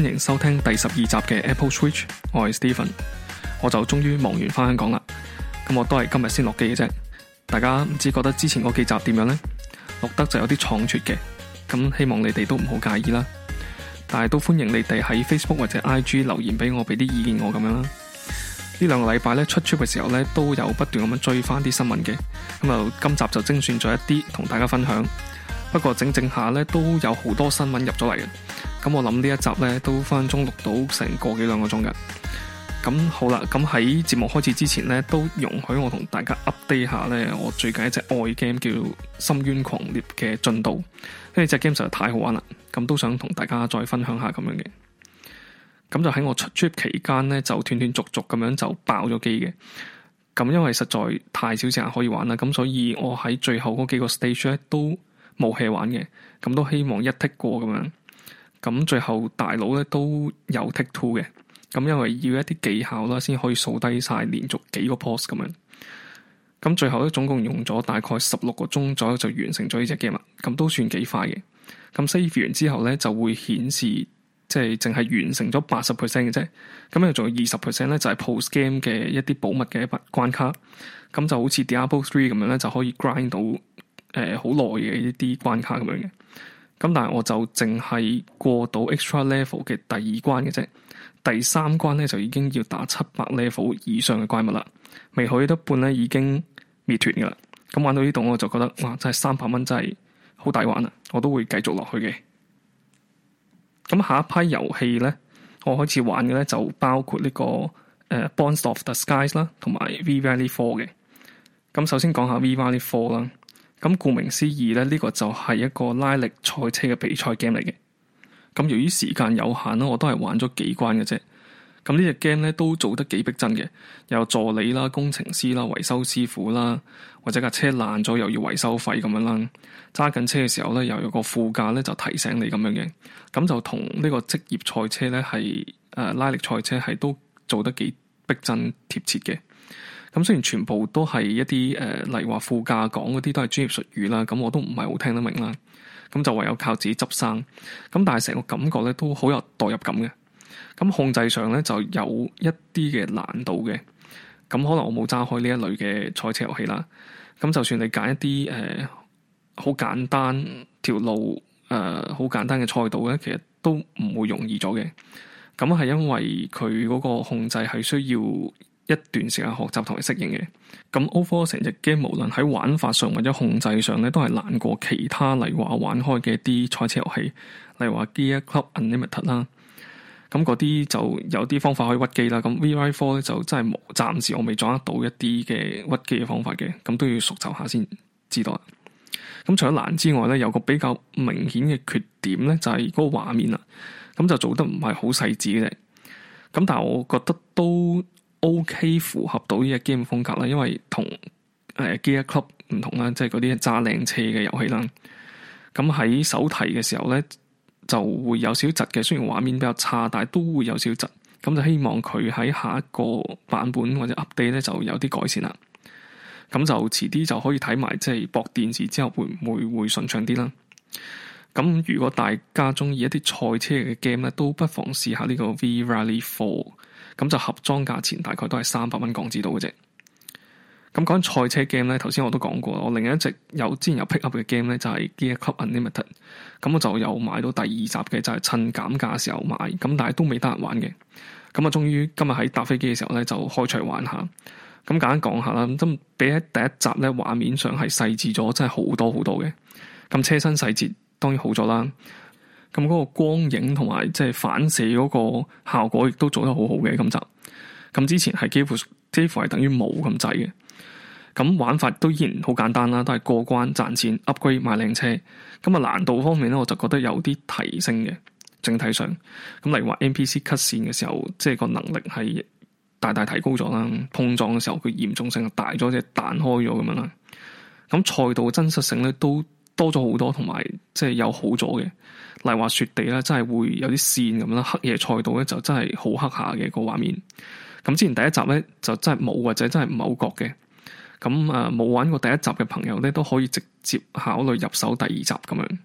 歡迎收聽第十二集嘅 Apple Switch，我係 Stephen，我就終於忙完返香港啦，咁我都係今日先落機嘅啫。大家唔知覺得之前嗰幾集點樣呢？錄得就有啲倉促嘅，咁希望你哋都唔好介意啦。但係都歡迎你哋喺 Facebook 或者 IG 留言俾我，俾啲意見我咁樣啦。呢兩個禮拜咧出 trip 嘅時候咧，都有不斷咁樣追翻啲新聞嘅，咁就今集就精選咗一啲同大家分享。不過整整下咧都有好多新聞入咗嚟嘅。咁我諗呢一集呢都分鐘錄到成個幾兩個鐘嘅。咁好啦，咁喺節目開始之前呢，都容許我同大家 update 下呢，我最近一隻愛 game 叫《深淵狂獵》嘅進度，因為隻 game 實在太好玩啦。咁都想同大家再分享下咁樣嘅。咁就喺我出 trip 期間呢，就斷斷續續咁樣就爆咗機嘅。咁因為實在太少時間可以玩啦，咁所以我喺最後嗰幾個 stage 呢都冇戲玩嘅。咁都希望一剔過咁樣。咁最後大佬咧都有 take two 嘅，咁因為要一啲技巧啦，先可以掃低晒連續幾個 pose 咁樣，咁最後咧總共用咗大概十六個鐘左右就完成咗呢隻 game 啦，咁都算幾快嘅。咁 save 完之後咧就會顯示即係淨係完成咗八十 percent 嘅啫，咁又仲有二十 percent 咧就係、是、post game 嘅一啲寶物嘅一筆關卡，咁就好似 Diablo 3咁樣咧就可以 grind 到誒好耐嘅一啲關卡咁樣嘅。咁但係我就淨係過到 extra level 嘅第二關嘅啫，第三關咧就已經要打七百 level 以上嘅怪物啦。未去到半咧已經滅團噶啦。咁玩到呢度我就覺得哇，嘩真係三百蚊真係好大玩啊！我都會繼續落去嘅。咁下一批遊戲咧，我開始玩嘅咧就包括呢、這個誒、呃、Bonds of the Skies 啦，同埋 Viva the Four 嘅。咁首先講下 Viva the Four 啦。咁，顧名思義咧，呢、這個就係一個拉力賽車嘅比賽 game 嚟嘅。咁由於時間有限啦，我都係玩咗幾關嘅啫。咁呢隻 game 咧都做得幾逼真嘅，有助理啦、工程師啦、維修師傅啦，或者架車爛咗又要維修費咁樣啦。揸緊車嘅時候咧，又有個副駕咧就提醒你咁樣嘅。咁就同呢個職業賽車咧，係誒、呃、拉力賽車係都做得幾逼真貼切嘅。咁雖然全部都係一啲誒，例如話副駕講嗰啲都係專業術語啦，咁我都唔係好聽得明啦。咁就唯有靠自己執生。咁但係成個感覺咧都好有代入感嘅。咁控制上咧就有一啲嘅難度嘅。咁可能我冇揸開呢一類嘅賽車遊戲啦。咁就算你揀一啲誒好簡單條路誒好、呃、簡單嘅賽道咧，其實都唔會容易咗嘅。咁係因為佢嗰個控制係需要。一段時間學習同埋適應嘅咁，O.Four 成隻機，無論喺玩法上或者控制上咧，都係難過其他例。例如話玩開嘅啲賽車遊戲，例如話 Gear Club Unlimited 啦，咁嗰啲就有啲方法可以屈機啦。咁 VR Four 咧就真係冇，暫時我未掌握到一啲嘅屈機嘅方法嘅，咁都要熟習下先知道。咁除咗難之外咧，有個比較明顯嘅缺點咧就係、是、嗰個畫面啦，咁就做得唔係好細致嘅。咁但係我覺得都。O.K. 符合到呢隻 game 風格啦，因為、呃、同誒《Gear Club》唔同啦，即係嗰啲揸靚車嘅遊戲啦。咁喺手提嘅時候呢，就會有少少窒嘅，雖然畫面比較差，但係都會有少少窒。咁就希望佢喺下一個版本或者 update 呢，就有啲改善啦。咁就遲啲就可以睇埋，即係駁電視之後會唔會會順暢啲啦？咁如果大家中意一啲賽車嘅 game 呢，都不妨試下呢個《V Rally Four》。咁就盒裝價錢大概都係三百蚊港紙度嘅啫。咁講賽車 game 咧，頭先我都講過，我另一隻有之前有 pick up 嘅 game 咧，就係《Gear Club Unlimited》咁我就有買到第二集嘅，就係、是、趁減價嘅時候買。咁但係都未得閒玩嘅。咁啊，終於今日喺搭飛機嘅時候咧，就開台玩下。咁簡單講下啦。咁比喺第一集咧，畫面上係細致咗，真係好多好多嘅。咁車身細節當然好咗啦。咁嗰個光影同埋即係反射嗰個效果亦都做得好好嘅今集。咁之前係幾乎幾乎係等於冇咁滯嘅。咁玩法都依然好簡單啦，都係過關賺錢 upgrade 買靚車。咁啊難度方面咧，我就覺得有啲提升嘅整體上。咁例如話 NPC cut 線嘅時候，即係個能力係大大提高咗啦。碰撞嘅時候佢嚴重性係大咗，即係彈開咗咁樣啦。咁賽道真實性咧都。多咗好多，同埋即係有好咗嘅。例如話雪地啦，真係會有啲綫咁啦。黑夜賽道咧，就真係好黑下嘅個畫面。咁之前第一集咧就真係冇或者真係唔係好覺嘅。咁啊，冇玩過第一集嘅朋友咧，都可以直接考慮入手第二集咁樣。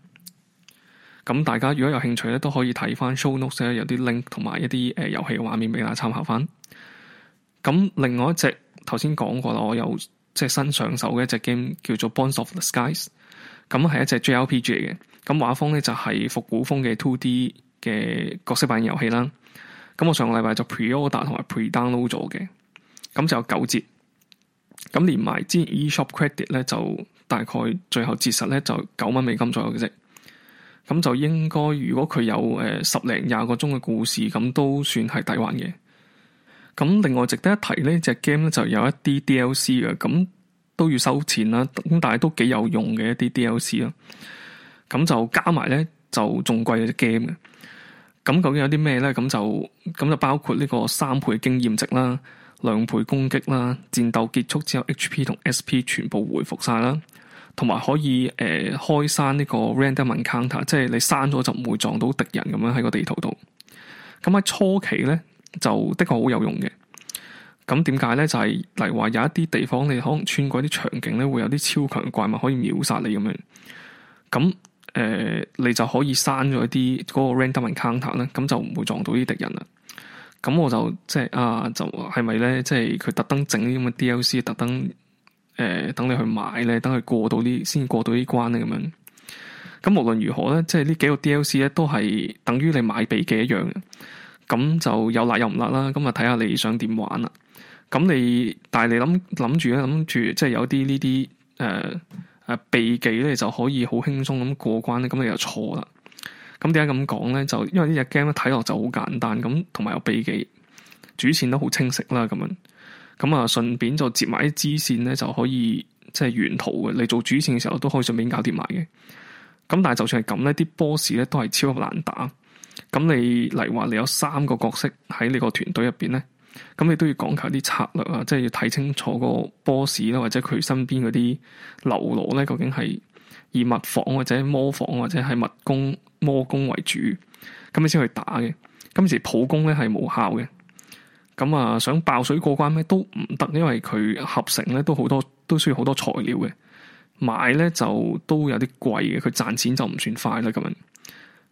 咁大家如果有興趣咧，都可以睇翻 show notes，有啲 link 同埋一啲誒遊戲嘅畫面俾大家參考翻。咁另外一隻頭先講過啦，我有即係新上手嘅一隻 game 叫做 Bonds of the Skies。咁係一隻 JRPG 嚟嘅，咁畫風呢，就係復古風嘅 two D 嘅角色扮演遊戲啦。咁我上個禮拜就 pre order 同埋 pre download 咗嘅，咁就有九折。咁連埋之前 eShop credit 呢，就大概最後折實呢，就九蚊美金左右嘅啫。咁就應該如果佢有誒十零廿個鐘嘅故事，咁都算係抵玩嘅。咁另外值得一提呢，呢隻 game 呢，就有一啲 DLC 嘅咁。都要收錢啦，咁但係都幾有用嘅一啲 DLC 啦，咁就加埋咧就仲貴過隻 game 嘅。咁究竟有啲咩咧？咁就咁就包括呢個三倍經驗值啦、兩倍攻擊啦、戰鬥結束之後 HP 同 SP 全部回復晒啦，同埋可以誒、呃、開閂呢個 random encounter，即係你閂咗就唔會撞到敵人咁樣喺個地圖度。咁喺初期咧就的確好有用嘅。咁點解咧？就係、是、例如話有一啲地方你可能穿過啲場景咧，會有啲超強怪物可以秒殺你咁樣。咁誒、呃，你就可以刪咗啲嗰個 random encounter 咧，咁就唔會撞到啲敵人啦。咁我就即係啊，就係咪咧？即係佢特登整啲咁嘅 DLC，特登誒等你去買咧，等佢過到啲先過到關呢關咧咁樣。咁無論如何咧，即係呢幾個 DLC 咧都係等於你買俾嘅一樣嘅。咁就有辣又唔辣啦。咁啊睇下你想點玩啦。咁你，但係你諗諗住咧，諗住即係有啲呢啲誒誒秘技咧，就可以好輕鬆咁過關咧。咁你就錯啦。咁點解咁講咧？就因為呢隻 game 咧睇，落就好簡單，咁同埋有秘技，主線都好清晰啦。咁樣，咁啊順便就接埋啲支線咧，就可以即係沿途嘅你做主線嘅時候，都可以順便搞掂埋嘅。咁但係就算係咁咧，啲 boss 咧都係超級難打。咁你嚟話你有三個角色喺你個團隊入邊咧，咁你都要講求啲策略啊，即係要睇清楚個 boss 啦，或者佢身邊嗰啲嘍囉咧，究竟係以物防，或者魔防，或者係物攻、魔攻為主，咁你先去打嘅。今時普攻咧係無效嘅，咁啊想爆水過關咩都唔得，因為佢合成咧都好多都需要好多材料嘅，買咧就都有啲貴嘅，佢賺錢就唔算快啦咁樣。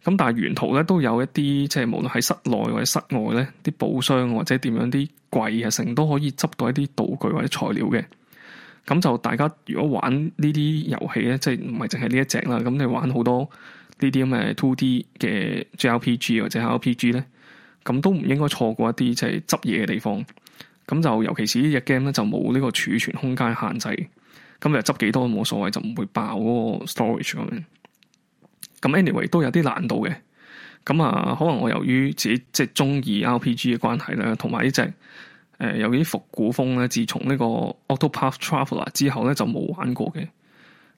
咁但係沿途咧都有一啲即係無論喺室內或者室外咧，啲寶箱或者點樣啲櫃啊，成都可以執到一啲道具或者材料嘅。咁就大家如果玩呢啲遊戲咧，即係唔係淨係呢一隻啦，咁你玩好多呢啲咁嘅 two D 嘅 JRPG 或者 RPG 咧，咁都唔應該錯過一啲即係執嘢嘅地方。咁就尤其是呢隻 game 咧，就冇呢個儲存空間限制，咁你執幾多冇所謂，就唔會爆嗰個 storage 咁樣。咁 anyway 都有啲難度嘅，咁、嗯、啊可能我由於自己即係中意 RPG 嘅關係啦，同埋呢隻誒有啲復古風咧，自從呢、這個 Octopath Traveler 之後咧就冇玩過嘅，咁、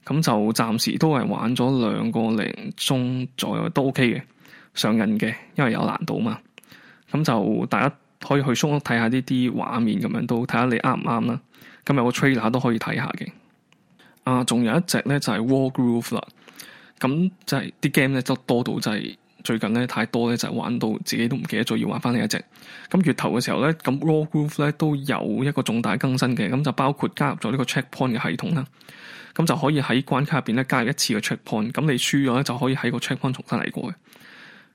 嗯、就暫時都係玩咗兩個零鐘左右都 OK 嘅，上癮嘅，因為有難度嘛。咁、嗯、就大家可以去松屋睇下呢啲畫面咁樣都睇下你啱唔啱啦。咁有個 trailer 都可以睇下嘅。啊，仲有一隻咧就係、是、War Groove 啦。咁就係啲 game 咧，就多到就係最近咧太多咧，就玩到自己都唔記得咗要玩翻另一隻。咁月頭嘅時候咧，咁 Raw Group 咧都有一個重大更新嘅，咁就包括加入咗呢個 Checkpoint 嘅系統啦。咁就可以喺關卡入邊咧加入一次嘅 Checkpoint，咁你輸咗咧就可以喺個 Checkpoint 重新嚟過嘅。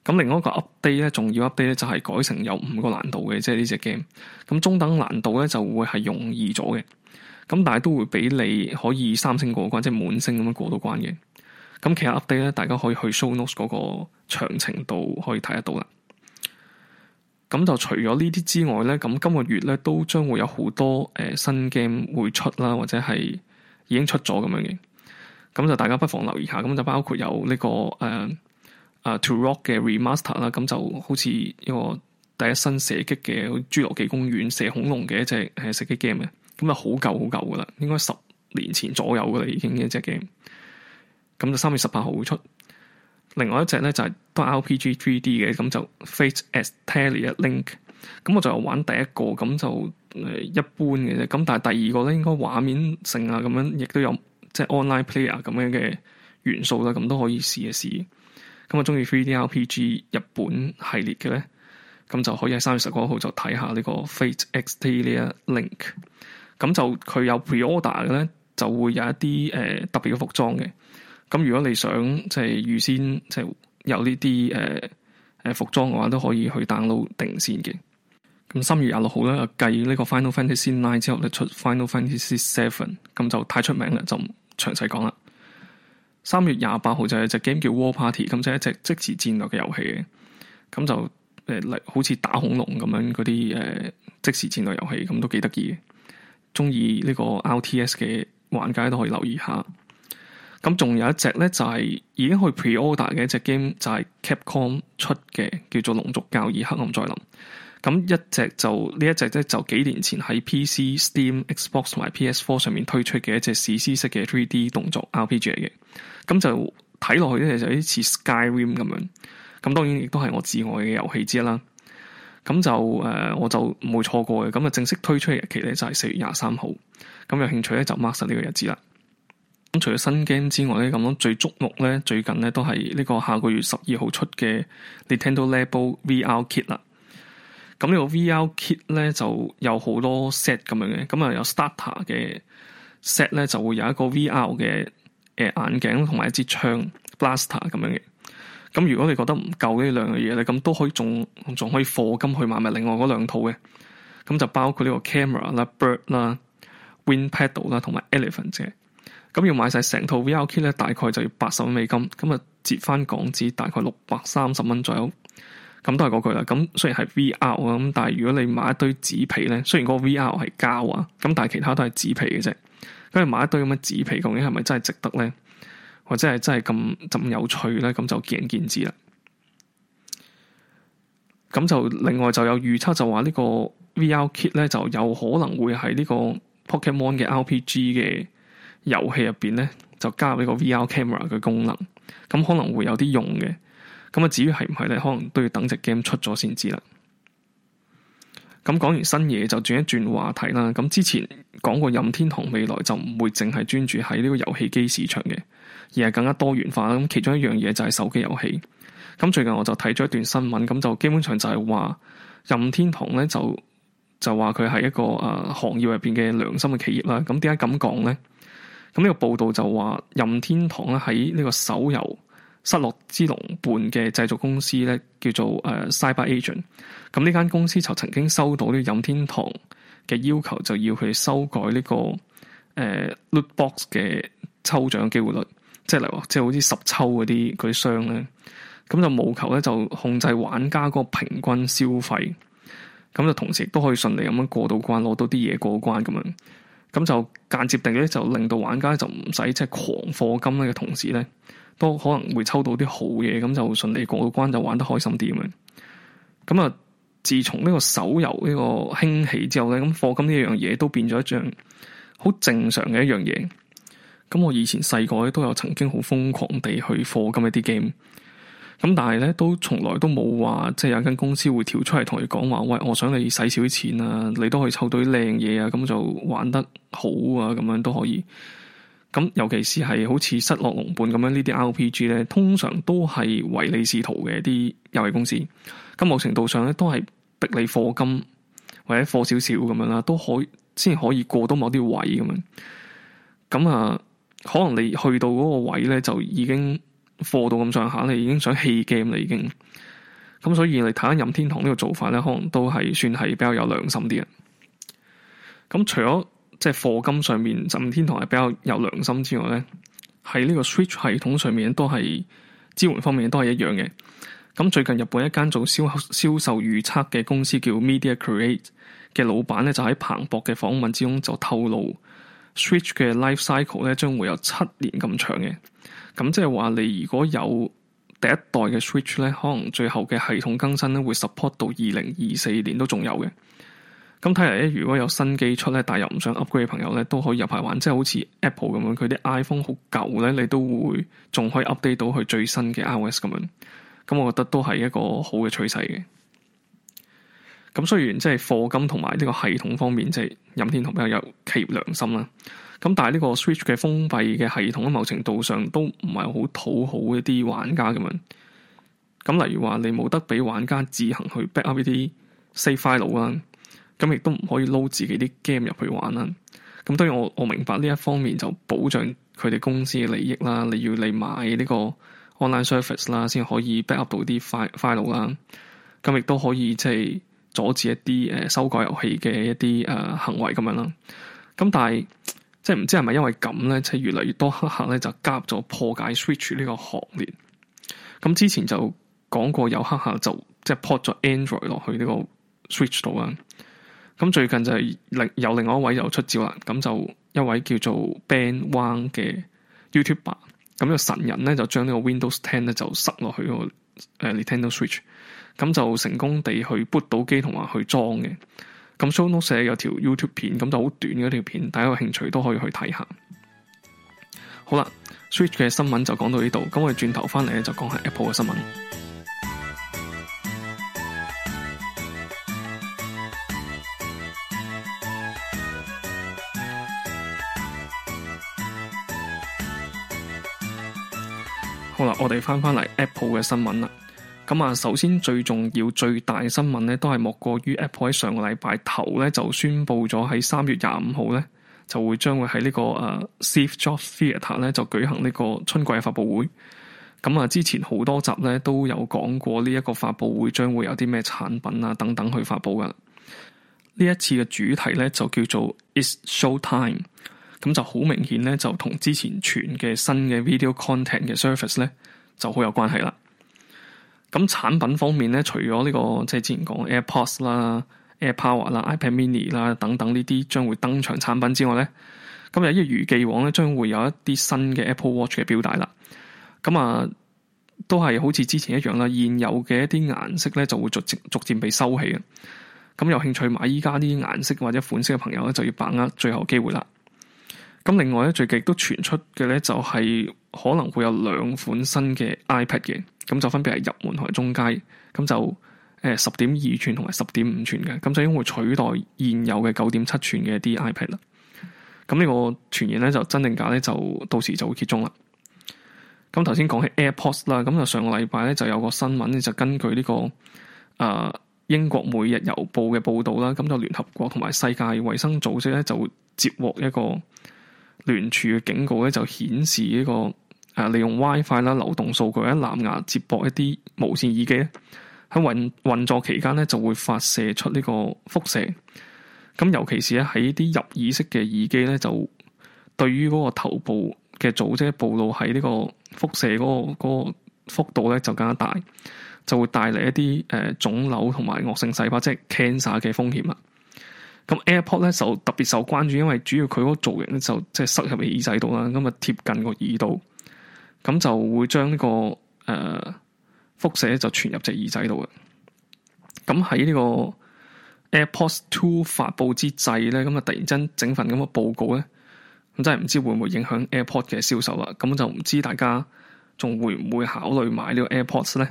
咁另外一個 update 咧，重要 update 咧就係改成有五個難度嘅，即係呢隻 game。咁中等難度咧就會係容易咗嘅，咁但係都會俾你可以三星過關，即係滿星咁樣過到關嘅。咁其他 update 咧，大家可以去 Show Notes 嗰個詳情度可以睇得到啦。咁就除咗呢啲之外咧，咁今個月咧都將會有好多誒新 game 會出啦，或者係已經出咗咁樣嘅。咁就大家不妨留意下，咁就包括有呢、這個誒啊、uh, uh, To Rock 嘅 Remaster 啦，咁 就好似呢個第一身射擊嘅侏羅紀公園射恐龍嘅一隻誒射擊 game 嘅，咁啊好舊好舊噶啦，應該十年前左右噶啦已經一隻 game。咁就三月十八號會出。另外一隻咧就係、是、都 RPG 三 D 嘅，咁就 Fate Extella Link。咁我就有玩第一個，咁就誒、呃、一般嘅啫。咁但係第二個咧，應該畫面性啊，咁樣亦都有即係 online player 咁樣嘅元素啦，咁都可以試一試。咁我中意三 D R P G 日本系列嘅咧，咁就可以喺三月十九號就睇下個 Link，就呢個 Fate Extella Link。咁就佢有 preorder 嘅咧，就會有一啲誒、呃、特別嘅服裝嘅。咁如果你想即係預先即係、就是、有呢啲誒誒服裝嘅話，都可以去 download 定先嘅。咁三月廿六號咧，繼呢個 Final Fantasy IX 之後咧出 Final Fantasy VII，咁就太出名啦，就唔詳細講啦。三月廿八號就係一隻 game 叫 War Party，咁就係一隻即時戰略嘅遊戲嘅。咁就誒、呃、好似打恐龍咁樣嗰啲誒即時戰略遊戲，咁都幾得意嘅。鍾意呢個 RTS 嘅玩家都可以留意下。咁仲有一隻咧，就係、是、已經去 pre order 嘅一隻 game，就係、是、Capcom 出嘅叫做《龍族教義：黑暗再臨》。咁一隻就呢一隻咧，就幾年前喺 PC、Steam、Xbox 同埋 PS Four 上面推出嘅一隻史詩式嘅 3D 動作 RPG 嚟嘅。咁就睇落去咧，就有啲似 Skyrim 咁樣。咁當然亦都係我至愛嘅遊戲之一啦。咁就誒、呃，我就唔會錯過嘅。咁啊，正式推出嘅日期咧就係、是、四月廿三號。咁有興趣咧就 mark 實呢個日子啦。咁除咗新 game 之外咧，咁樣最矚目咧，最，最近咧都係呢個下個月十二號出嘅 Nintendo Labo VR Kit 啦。咁呢個 VR Kit 咧就有好多 set 咁樣嘅，咁啊有 starter 嘅 set 咧就會有一個 VR 嘅誒眼鏡同埋一支槍 blaster 咁樣嘅。咁如果你覺得唔夠呢兩樣嘢咧，咁都可以仲仲可以課金去買埋另外嗰兩套嘅。咁就包括呢個 camera 啦、e、bird 啦、wind pedal 啦同埋 elephant 嘅。咁要買晒成套 VR Kit 咧，大概就要八十蚊美金，咁啊折翻港紙大概六百三十蚊左右，咁都係嗰句啦。咁雖然係 VR 啊，咁但係如果你買一堆紙皮咧，雖然個 VR 係膠啊，咁但係其他都係紙皮嘅啫。咁你買一堆咁嘅紙皮，究竟係咪真係值得咧？或者係真係咁咁有趣咧？咁就見仁見智啦。咁就另外就有預測就話呢個 VR Kit 咧，就有可能會係呢個 Pokemon 嘅 RPG 嘅。遊戲入邊咧就加咗個 VR camera 嘅功能，咁可能會有啲用嘅。咁啊，至於係唔係咧，可能都要等隻 game 出咗先知啦。咁講完新嘢就轉一轉話題啦。咁之前講過任天堂未來就唔會淨係專注喺呢個遊戲機市場嘅，而係更加多元化。咁其中一樣嘢就係手機遊戲。咁最近我就睇咗一段新聞，咁就基本上就係話任天堂咧就就話佢係一個誒、啊、行業入邊嘅良心嘅企業啦。咁點解咁講咧？咁呢個報道就話任天堂咧喺呢個手遊《失落之龍》伴嘅製作公司咧叫做誒 CyberAgent，咁呢間公司就曾經收到呢任天堂嘅要求，就要佢修改呢、這個誒、呃、Lootbox 嘅抽獎嘅機會率，即係例如話即係好似十抽嗰啲嗰啲箱咧，咁就務求咧就控制玩家個平均消費，咁就同時都可以順利咁樣過到關，攞到啲嘢過關咁樣。咁就間接地咧，就令到玩家就唔使即係狂課金咧嘅同時咧，都可能會抽到啲好嘢，咁就順利過個關，就玩得開心啲咁樣。咁啊，自從呢個手遊呢個興起之後咧，咁課金呢樣嘢都變咗一樣好正常嘅一樣嘢。咁我以前細個咧都有曾經好瘋狂地去課金一啲 game。咁但係咧，都從來都冇話，即係有間公司會跳出嚟同你講話，喂，我想你使少啲錢啊，你都可以湊到啲靚嘢啊，咁就玩得好啊，咁樣都可以。咁尤其是係好似失落龍伴咁樣呢啲 RPG 咧，通常都係唯利是圖嘅一啲遊戲公司，咁某程度上咧都係逼你課金或者課少少咁樣啦，都可以先可以過到某啲位咁樣。咁啊，可能你去到嗰個位咧，就已經。貨到咁上下咧，你已經想棄 game 啦，你已經。咁所以嚟睇下任天堂呢個做法咧，可能都係算係比較有良心啲啊。咁除咗即係課金上面任天堂係比較有良心之外咧，喺呢個 Switch 系統上面都係支援方面都係一樣嘅。咁最近日本一間做銷銷售預測嘅公司叫 Media Create 嘅老闆咧，就喺彭博嘅訪問之中就透露，Switch 嘅 Life Cycle 咧將會有七年咁長嘅。咁即係話你如果有第一代嘅 Switch 咧，可能最後嘅系統更新咧會 support 到二零二四年都仲有嘅。咁睇嚟咧，如果有新機出咧，但又唔想 upgrade 嘅朋友咧，都可以入埋玩，即係好似 Apple 咁樣，佢啲 iPhone 好舊咧，你都會仲可以 update 到佢最新嘅 iOS 咁樣。咁我覺得都係一個好嘅趨勢嘅。咁雖然即係課金同埋呢個系統方面，即係任天堂比較有有企業良心啦。咁但係呢個 Switch 嘅封閉嘅系統，喺某程度上都唔係好討好一啲玩家咁樣。咁例如話，你冇得俾玩家自行去 backup 一啲 save file 啦，咁亦都唔可以撈自己啲 game 入去玩啦。咁當然我，我我明白呢一方面就保障佢哋公司嘅利益啦。你要你買呢個 online service 啦，先可以 backup 到啲 file 啦。咁亦都可以即係阻止一啲誒修改遊戲嘅一啲誒、呃、行為咁樣啦。咁但係。即係唔知係咪因為咁咧，即係越嚟越多黑客咧就加入咗破解 Switch 呢、這個行列。咁之前就講過有黑客就即係、就是、put 咗 Android 落去呢個 Switch 度啦。咁最近就另有另外一位又出招啦。咁就一位叫做 Ben Wang 嘅 YouTuber，咁呢個神人咧就將呢個 Windows Ten 咧就塞落去、那個誒、呃、Nintendo Switch，咁就成功地去 boot 到機同埋去裝嘅。咁 show notes 有條 YouTube 片，咁就好短嘅一條片，大家有興趣都可以去睇下。好啦，Switch 嘅新聞就講到呢度，咁我哋轉頭翻嚟咧就講下 Apple 嘅新聞。好啦，我哋翻翻嚟 Apple 嘅新聞啦。咁啊，首先最重要、最大嘅新聞咧，都係莫過於 Apple 喺上個禮拜頭咧，就宣布咗喺三月廿五號咧，就會將會喺呢個誒 Steve Jobs Theatre 咧，就舉行呢個春季嘅發布會。咁啊，之前好多集咧都有講過呢一個發布會將會有啲咩產品啊等等去發布噶。呢一次嘅主題咧就叫做 It's Show Time，咁就好明顯咧就同之前傳嘅新嘅 Video Content 嘅 Service 咧就好有關係啦。咁產品方面咧，除咗呢個即係之前講 AirPods 啦、AirPower 啦、iPad Mini 啦等等呢啲將會登場產品之外咧，今日一如既往咧，將會有一啲新嘅 Apple Watch 嘅表帶啦。咁啊，都係好似之前一樣啦，現有嘅一啲顏色咧就會逐漸逐漸被收起嘅。咁有興趣買依家啲顏色或者款式嘅朋友咧，就要把握最後機會啦。咁另外咧，最近都傳出嘅咧，就係可能會有兩款新嘅 iPad 嘅。咁就分別係入門同埋中階，咁就誒十點二寸同埋十點五寸嘅，咁就應該會取代現有嘅九點七寸嘅啲 iPad 啦。咁呢個傳言咧就真定假咧，就到時就會揭盅啦。咁頭先講起 AirPods 啦，咁就上個禮拜咧就有個新聞咧，就根據呢、這個啊、呃、英國每日郵報嘅報道啦，咁就聯合國同埋世界衛生組織咧就接獲一個聯署嘅警告咧，就顯示呢個。利用 WiFi 啦、Fi, 流動數據啦、藍牙接駁一啲無線耳機咧，喺運運作期間咧就會發射出呢個輻射。咁尤其是咧喺啲入耳式嘅耳機咧，就對於嗰個頭部嘅組織、就是、暴露喺呢個輻射嗰個嗰個幅度咧就更加大，就會帶嚟一啲誒、呃、腫瘤同埋惡性細胞即係 cancer 嘅風險啊。咁 AirPod 咧就特別受關注，因為主要佢個造型咧就即係、就是、塞入耳仔度啦，咁啊貼近個耳度。咁就會將呢、這個誒輻、呃、射就傳入隻耳仔度嘅。咁喺呢個 AirPods Two 發佈之際咧，咁啊突然間整份咁嘅報告咧，咁真係唔知會唔會影響 AirPods 嘅銷售啦。咁就唔知大家仲會唔會考慮買個呢個 AirPods 咧？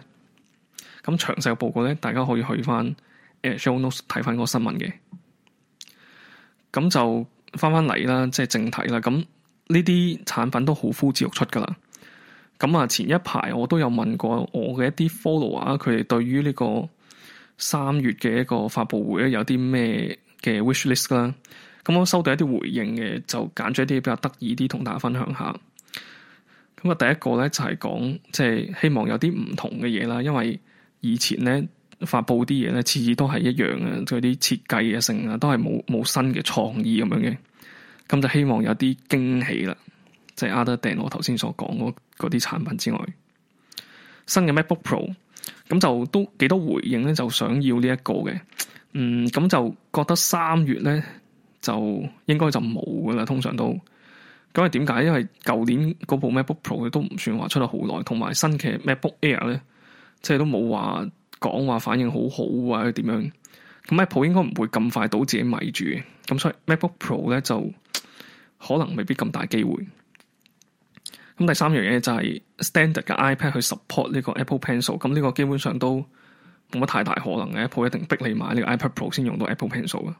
咁詳細嘅報告咧，大家可以去翻 Air、呃、Show Notes 睇翻嗰個新聞嘅。咁就翻翻嚟啦，即係正題啦。咁呢啲產品都好呼之欲出噶啦。咁啊，前一排我都有問過我嘅一啲 follower 啊，佢哋對於呢個三月嘅一個發佈會咧，有啲咩嘅 wish list 啦，嗯。咁我收到一啲回應嘅，就揀咗一啲比較得意啲，同大家分享下。咁、嗯、啊，第一個咧就係、是、講，即、就、係、是、希望有啲唔同嘅嘢啦。因為以前咧發佈啲嘢咧，次次都係一樣嘅，嗰啲設計啊，成啊都係冇冇新嘅創意咁樣嘅。咁、嗯、就希望有啲驚喜啦。即係 other 係阿德訂我頭先所講嗰啲產品之外，新嘅 MacBook Pro 咁，就都幾多回應呢，就想要呢一個嘅。嗯，咁就覺得三月呢就應該就冇㗎喇。通常都咁係點解？因為舊年嗰部 MacBook Pro 佢都唔算話出咗好耐，同埋新嘅 MacBook Air 呢，即係都冇話講話反應好好啊，點樣咁 MacBook 應該唔會咁快倒自己迷住嘅。咁所以 MacBook Pro 呢就可能未必咁大機會。咁第三樣嘢就係 standard 嘅 iPad 去 support 呢個 Apple Pencil，咁呢個基本上都冇乜太大可能嘅，Apple 一定逼你買呢個 iPad Pro 先用到 Apple Pencil。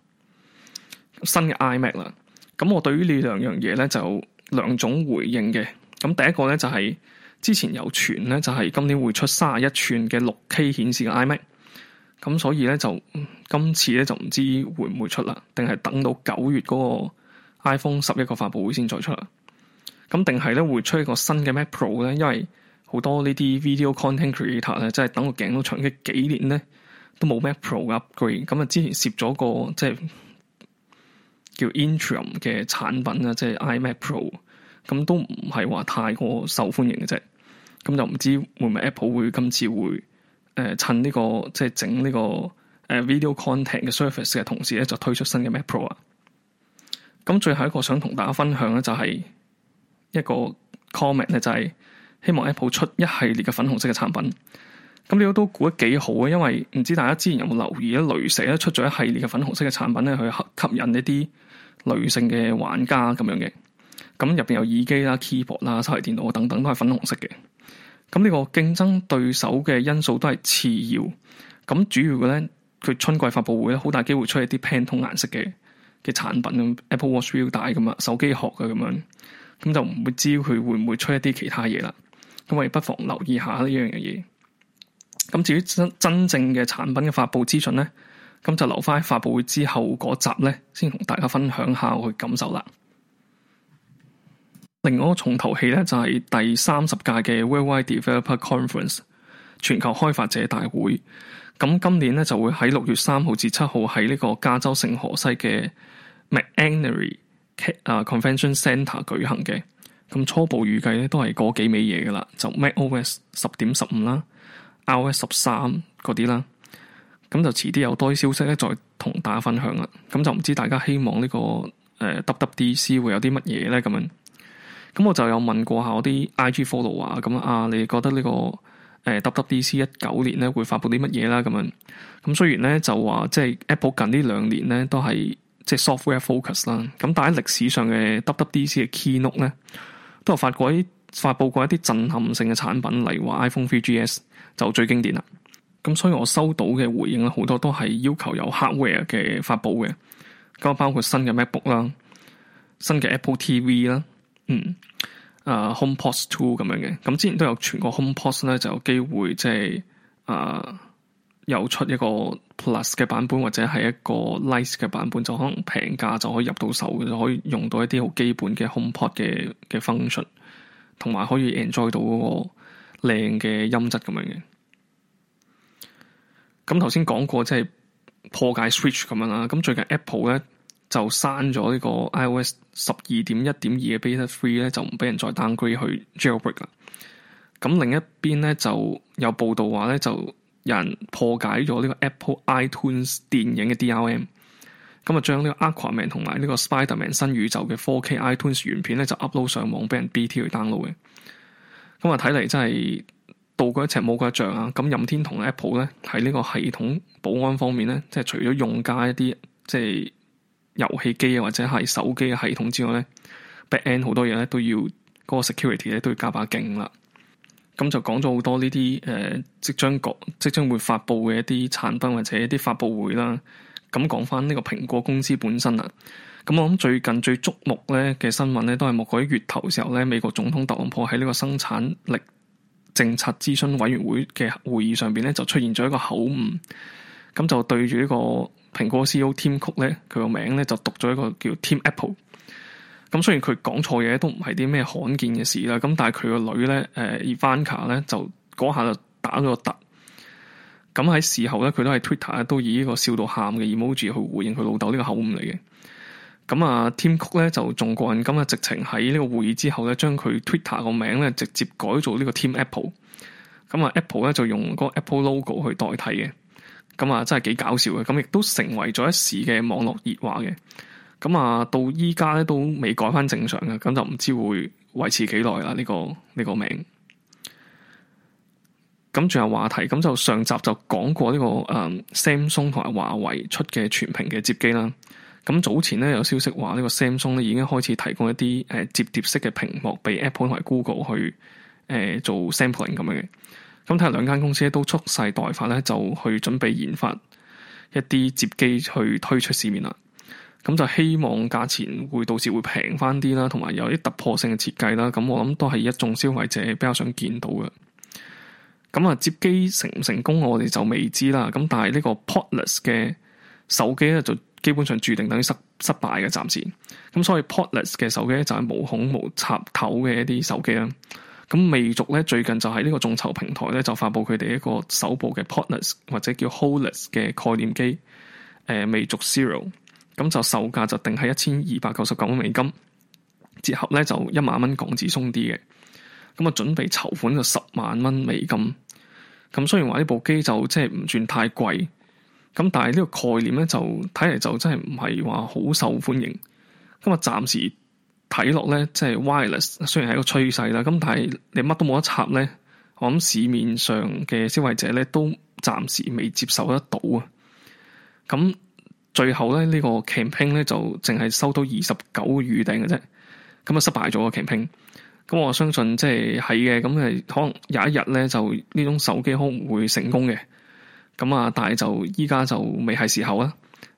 新嘅 iMac 啦，咁我對於呢兩樣嘢咧就兩種回應嘅。咁第一個咧就係、是、之前有傳咧就係今年會出三十一吋嘅六 K 顯示嘅 iMac，咁所以咧就、嗯、今次咧就唔知會唔會出啦，定係等到九月嗰個 iPhone 十一個發布會先再出啊。咁定係咧會出一個新嘅 Mac Pro 咧，因為好多呢啲 video content creator 咧，即係等個頸都長嘅幾年咧，都冇 Mac Pro upgrade。咁啊，之前攝咗個即係叫 interim 嘅產品啊，即係 iMac Pro，咁都唔係話太過受歡迎嘅啫。咁就唔知會唔會 Apple 會今次會誒、呃、趁呢、呢個即係整呢個誒 video content 嘅 surface 嘅同時咧，就推出新嘅 Mac Pro 啊。咁最後一個想同大家分享咧、就係，就係。一個 comment 咧就係希望 Apple 出一系列嘅粉紅色嘅產品，咁你都估得幾好嘅，因為唔知大家之前有冇留意咧，雷蛇咧出咗一系列嘅粉紅色嘅產品咧，去吸引一啲女性嘅玩家咁樣嘅。咁入邊有耳機啦、keyboard 啦、手提電腦等等都係粉紅色嘅。咁呢個競爭對手嘅因素都係次要，咁主要嘅咧，佢春季發佈會咧好大機會出一啲 Pantone 顏色嘅嘅產品，Apple Watch 錶帶咁啊，手機殼啊咁樣。咁就唔會知佢會唔會出一啲其他嘢啦，咁我哋不妨留意一下呢樣嘢。咁至於真正嘅產品嘅發布資訊呢，咁就留翻喺發布會之後嗰集呢，先同大家分享下我嘅感受啦。另外一個重頭戲呢，就係、是、第三十屆嘅 Worldwide Developer Conference 全球開發者大會。咁今年呢，就會喺六月三號至七號喺呢個加州聖荷西嘅 McEnery。啊！Convention Center 舉行嘅，咁初步預計咧都係個幾尾嘢噶啦，就 MacOS 十點十五啦，iOS 十三嗰啲啦，咁就遲啲有多啲消息咧，再同大家分享啦。咁就唔知大家希望呢、這個誒、呃、WWDC 會有啲乜嘢咧咁樣。咁我就有問過下我啲 IG follower 啊，咁啊，你覺得、這個呃、呢個誒 WWDC 一九年咧會發布啲乜嘢啦咁樣？咁雖然咧就話即係 Apple 近呢兩年咧都係，即係 software focus 啦，咁但喺歷史上嘅 WWDC 嘅 Keynote 咧，都有發過一發佈過一啲震撼性嘅產品，例如話 iPhone 3GS 就最經典啦。咁所以我收到嘅回應咧，好多都係要求有 hardware 嘅發佈嘅，咁包括新嘅 MacBook 啦、新嘅 Apple TV 啦、嗯、啊、uh, HomePod Two 咁樣嘅。咁之前都有傳過 HomePod 咧就有機會即係啊。就是 uh, 有出一個 Plus 嘅版本或者係一個 Lite 嘅版本，就可能平價就可以入到手，就可以用到一啲好基本嘅 HomePod 嘅嘅 function，同埋可以 enjoy 到嗰個靚嘅音質咁樣嘅。咁頭先講過即係破解 Switch 咁樣啦。咁最近 Apple 咧就刪咗呢個 iOS 十二點一點二嘅 Beta Three 咧，就唔俾人再 downgrade 去 Jailbreak 啦。咁另一邊咧就有報道話咧就，人破解咗呢個 Apple iTunes 電影嘅 DRM，咁啊將呢個 Aquaman 同埋呢個 Spiderman 新宇宙嘅 4K iTunes 原片咧就 upload 上網俾人 BT 去 download 嘅，咁啊睇嚟真係道高一尺魔高一丈啊！咁任天堂同 Apple 咧喺呢個系統保安方面咧，即係除咗用家一啲即係遊戲機啊或者係手機嘅系統之外咧，back end 好多嘢咧都要嗰、嗰個 security 咧都要加把勁啦。咁就講咗好多呢啲誒，即將即將會發布嘅一啲產品或者一啲發布會啦。咁講翻呢個蘋果公司本身啊，咁我諗最近最觸目咧嘅新聞咧，都係莫過於月頭嘅時候咧，美國總統特朗普喺呢個生產力政策諮詢委員會嘅會議上邊咧，就出現咗一個口誤，咁就對住呢個蘋果 CEO Tim Cook 咧，佢個名咧就讀咗一個叫 Tim Apple。咁雖然佢講錯嘢都唔係啲咩罕見嘅事啦，咁但係佢個女咧，誒、呃、Ivanka 咧就嗰下就打咗個突，咁、嗯、喺事後咧，佢都係 Twitter 都以呢個笑到喊嘅 emoji 去回應佢老豆呢個口誤嚟嘅。咁、嗯、啊，Team Cook 咧就仲過人咁嘅直情喺呢個會議之後咧，將佢 Twitter 個名咧直接改做呢個 Team Apple，嗯。咁啊，Apple 咧就用個 Apple logo 去代替嘅，咁、嗯、啊，真係幾搞笑嘅，咁、嗯、亦都成為咗一時嘅網絡熱話嘅。咁啊，到依家咧都未改翻正常嘅，咁就唔知會維持幾耐啦。呢個呢個名。咁仲有話題，咁就上集就講過呢個誒，Samsung 同埋華為出嘅全屏嘅接機啦。咁早前咧有消息話呢個 Samsung 咧已經開始提供一啲誒折疊式嘅屏幕俾 Apple 同埋 Google 去誒做 sampling 咁樣嘅。咁睇下兩間公司都蓄勢待發咧，就去準備研發一啲接機去推出市面啦。咁就希望價錢會到時會平翻啲啦，同埋有啲突破性嘅設計啦。咁我諗都係一眾消費者比較想見到嘅。咁啊，接機成唔成功，我哋就未知啦。咁但係呢個 portless 嘅手機咧，就基本上註定等於失失敗嘅、啊，暫時咁。所以 portless 嘅手機就係無孔無插頭嘅一啲手機啦。咁魅族咧最近就喺呢個眾籌平台咧就發布佢哋一個首部嘅 portless 或者叫 holeless 嘅概念機，誒、呃，魅族 Zero。咁就售價就定喺一千二百九十九美金，折合咧就一萬蚊港紙鬆啲嘅。咁啊，準備籌款就十萬蚊美金。咁雖然話呢部機就即係唔算太貴，咁但係呢個概念咧就睇嚟，就真係唔係話好受歡迎。今日暫時睇落咧，即係 wireless 雖然係一個趨勢啦，咁但係你乜都冇得插咧，我諗市面上嘅消費者咧都暫時未接受得到啊。咁、嗯。最後咧，這個、呢個 campaign 咧就淨係收到二十九個預訂嘅啫，咁啊失敗咗個 campaign。咁我相信即係係嘅，咁係可能有一日咧就呢種手機可能會成功嘅。咁啊，但係就依家就未係時候啦。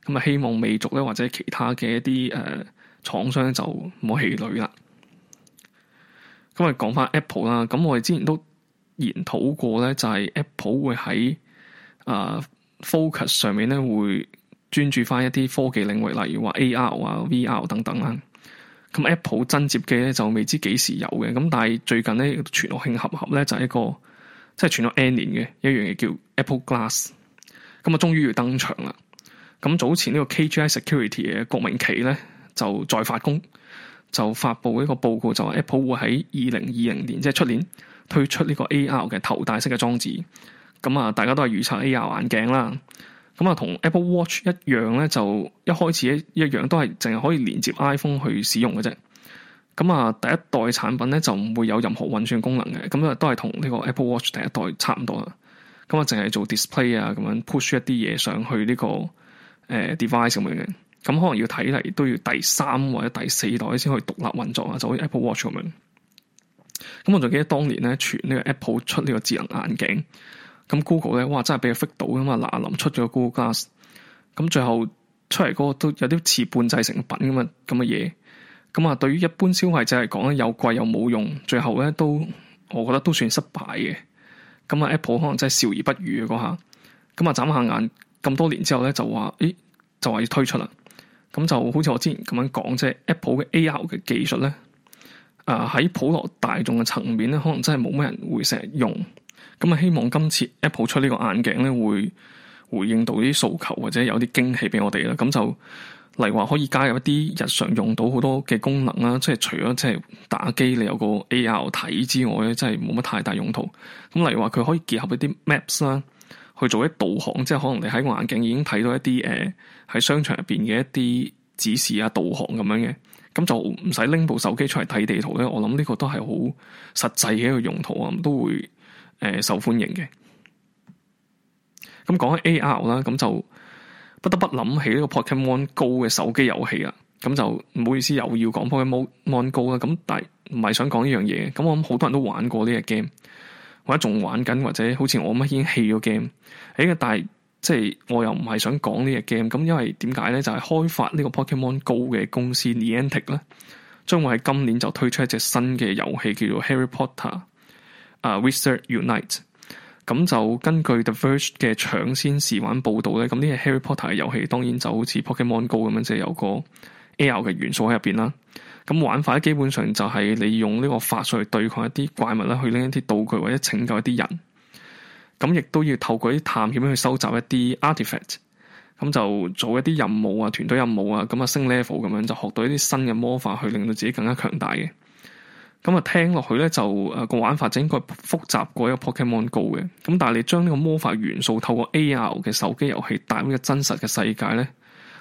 咁啊，希望魅族咧或者其他嘅一啲誒廠商咧就冇氣餒啦。咁啊，講翻 Apple 啦。咁我哋之前都研討過咧，就係、是、Apple 會喺啊、呃、focus 上面咧會。專注翻一啲科技領域，例如話 A R 啊、V R 等等啦。咁 Apple 增接嘅咧就未知幾時有嘅。咁但係最近咧，全澳慶合合咧就是、一個即係傳咗 N 年嘅一樣嘢叫 Apple Glass。咁啊，終於要登場啦。咁早前個呢個 KGI Security 嘅郭明錤咧就再發功，就發布一個報告就，就話 Apple 會喺二零二零年即係出年推出呢個 A R 嘅頭戴式嘅裝置。咁啊，大家都係預測 A R 眼鏡啦。咁啊，同 Apple Watch 一樣咧，就一開始一一樣都係淨係可以連接 iPhone 去使用嘅啫。咁啊，第一代產品咧就唔會有任何運算功能嘅。咁啊，都係同呢個 Apple Watch 第一代差唔多啦。咁啊，淨係做 display 啊，咁樣 push 一啲嘢上去呢個誒 device 咁樣嘅。咁可能要睇嚟都要第三或者第四代先可以獨立運作啊，就好似 Apple Watch 咁樣。咁我仲記得當年咧，傳呢個 Apple 出呢個智能眼鏡。咁 Google 咧，哇，真係俾佢 fit 到啊嘛！嗱，臨出咗 Google Glass，咁最後出嚟嗰個都有啲似半製成品咁啊咁嘅嘢。咁啊，對於一般消費者嚟講咧，又貴又冇用，最後咧都，我覺得都算失敗嘅。咁啊，Apple 可能真係笑而不語嘅嗰下。咁啊，眨下眼咁多年之後咧，就話，誒，就話要推出啦。咁就好似我之前咁樣講，即係 Apple 嘅 AR 嘅技術咧，啊、呃、喺普羅大眾嘅層面咧，可能真係冇乜人會成日用。咁啊，希望今次 Apple 出呢個眼鏡咧，會回應到啲訴求，或者有啲驚喜俾我哋啦。咁就例如話可以加入一啲日常用到好多嘅功能啦，即係除咗即係打機，你有個 AR 睇之外咧，真係冇乜太大用途。咁例如話，佢可以結合一啲 maps 啦，去做一導航，即係可能你喺個眼鏡已經睇到一啲誒喺商場入邊嘅一啲指示啊、導航咁樣嘅。咁就唔使拎部手機出嚟睇地圖咧。我諗呢個都係好實際嘅一個用途啊，都會。誒、嗯、受歡迎嘅，咁、嗯、講起 AR 啦，咁就不得不諗起呢個 Pokemon Go 嘅手機遊戲啦。咁就唔好意思又要講 Pokemon Go 啦。咁但係唔係想講呢樣嘢。咁我諗好多人都玩過呢隻 game，或者仲玩緊，或者好似我咁已經棄咗 game。喺、欸、嘅，但係即係我又唔係想講呢隻 game。咁因為點解咧？就係、是、開發呢個 Pokemon Go 嘅公司 Niantic 咧，將會喺今年就推出一隻新嘅遊戲叫做 Harry Potter。啊 uh, Wizards Unite，咁就根據 The Verge 嘅搶先試玩報導咧，咁、這、呢個 Harry Potter 嘅遊戲當然就好似 Pokémon Go 咁樣，即、就、係、是、有個 AR 嘅元素喺入邊啦。咁玩法基本上就係你用呢個法術去對抗一啲怪物啦，去拎一啲道具或者拯救一啲人。咁亦都要透過啲探險去收集一啲 artifact，咁就做一啲任務啊，團隊任務啊，咁啊升 level 咁樣就學到一啲新嘅魔法去令到自己更加強大嘅。咁啊，聽落去咧就誒個、呃、玩法就應該複雜過一個 Pokemon Go 嘅。咁但係你將呢個魔法元素透過 AR 嘅手機遊戲帶入呢個真實嘅世界咧，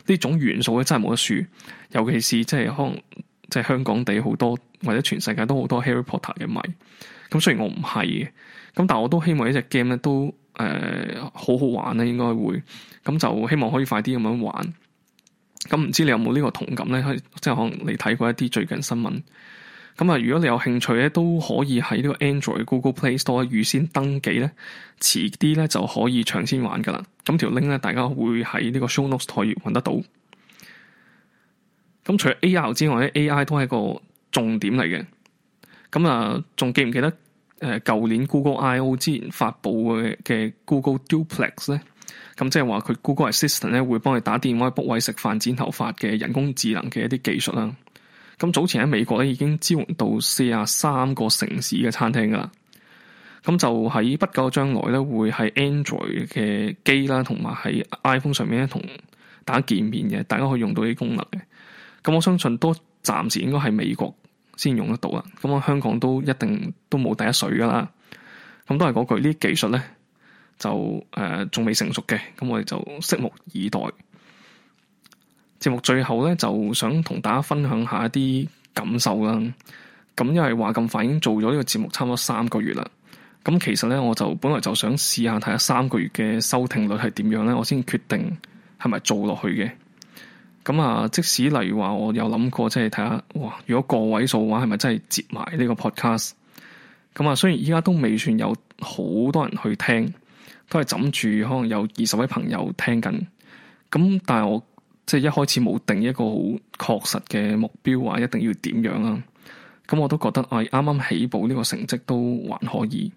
呢種元素咧真係冇得輸。尤其是即係可能即係香港地好多或者全世界都好多 Harry Potter 嘅迷。咁雖然我唔係嘅，咁但係我都希望隻呢隻 game 咧都誒好、呃、好玩咧，啊，應該會咁就希望可以快啲咁樣玩。咁唔知你有冇呢個同感咧？即係可能你睇過一啲最近新聞。咁啊，如果你有興趣咧，都可以喺呢個 Android Google Play Store 預先登記咧，遲啲咧就可以搶先玩噶啦。咁條 link 咧，大家會喺呢個 Show Notes 台頁搵得到。咁除咗 AR 之外咧，AI 都係一個重點嚟嘅。咁啊，仲記唔記得誒？舊年 Google I O 之前發布嘅嘅 Google Duplex 咧，咁即係話佢 Google Assistant 咧會幫你打電話 book 位食飯、剪頭髮嘅人工智能嘅一啲技術啦。咁早前喺美國咧已經支援到四十三個城市嘅餐廳噶啦，咁就喺不久將來咧會喺 Android 嘅機啦，同埋喺 iPhone 上面咧同大家見面嘅，大家可以用到呢啲功能嘅。咁我相信都暫時應該係美國先用得到啦，咁我香港都一定都冇第一水噶啦。咁都係嗰句，呢啲技術咧就誒仲、呃、未成熟嘅，咁我哋就拭目以待。節目最後咧，就想同大家分享下一啲感受啦。咁因為話咁快已經做咗呢個節目，差唔多三個月啦。咁其實咧，我就本來就想試下睇下三個月嘅收聽率係點樣咧，我先決定係咪做落去嘅。咁啊，即使例如話我有諗過，即係睇下哇，如果個位數嘅話，係咪真係接埋呢個 podcast？咁啊，雖然依家都未算有好多人去聽，都係枕住可能有二十位朋友聽緊。咁但係我。即係一開始冇定一個好確實嘅目標，啊，話一定要點樣啊。咁我都覺得，唉、哎，啱啱起步呢個成績都還可以。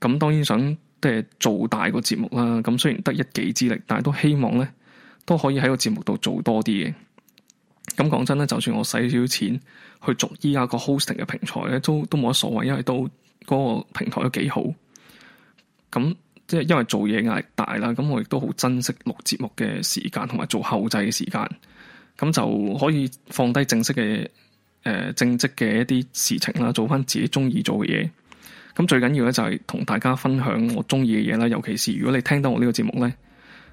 咁當然想即係做大個節目啦。咁雖然得一己之力，但係都希望咧都可以喺個節目度做多啲嘅。咁講真咧，就算我使少少錢去續依家個 hosting 嘅平台咧，都都冇乜所謂，因為都嗰個平台都幾好。咁。即係因為做嘢壓力大啦，咁我亦都好珍惜錄節目嘅時間同埋做後製嘅時間，咁就可以放低正式嘅誒、呃、正職嘅一啲事情啦，做翻自己中意做嘅嘢。咁最緊要咧就係同大家分享我中意嘅嘢啦，尤其是如果你聽到我呢個節目咧，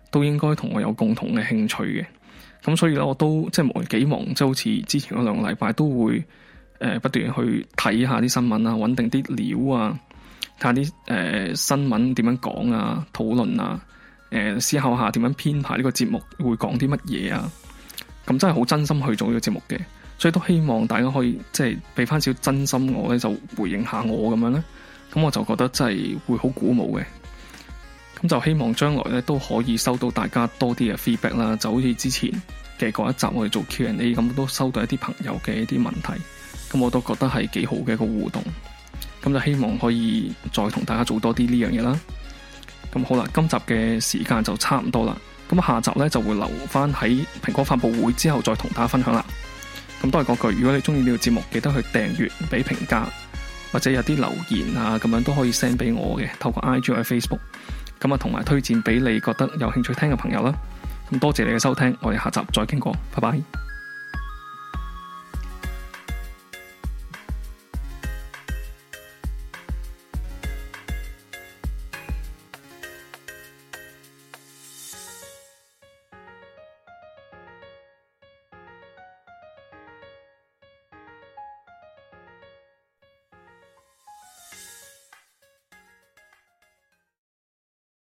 都應該同我有共同嘅興趣嘅。咁所以咧，我都即係冇幾忙，即係好似之前嗰兩個禮拜都會誒、呃、不斷去睇下啲新聞啊，搵定啲料啊。睇下啲誒新聞點樣講啊，討論啊，誒、呃、思考下點樣編排呢個節目會講啲乜嘢啊，咁、嗯、真係好真心去做呢個節目嘅，所以都希望大家可以即係俾翻少真心我咧，就回應下我咁樣啦，咁、嗯、我就覺得真係會好鼓舞嘅。咁、嗯、就希望將來咧都可以收到大家多啲嘅 feedback 啦，就好似之前嘅嗰一集我哋做 Q&A 咁，A，都收到一啲朋友嘅一啲問題，咁、嗯、我都覺得係幾好嘅一個互動。咁就希望可以再同大家做多啲呢樣嘢啦。咁好啦，今集嘅時間就差唔多啦。咁下集呢，就會留翻喺蘋果發布會之後再同大家分享啦。咁都係嗰句，如果你中意呢個節目，記得去訂閱、俾評價或者有啲留言啊，咁樣都可以 send 俾我嘅，透過 IG 或 Facebook。咁啊，同埋推薦俾你覺得有興趣聽嘅朋友啦。咁多謝你嘅收聽，我哋下集再傾過，拜拜。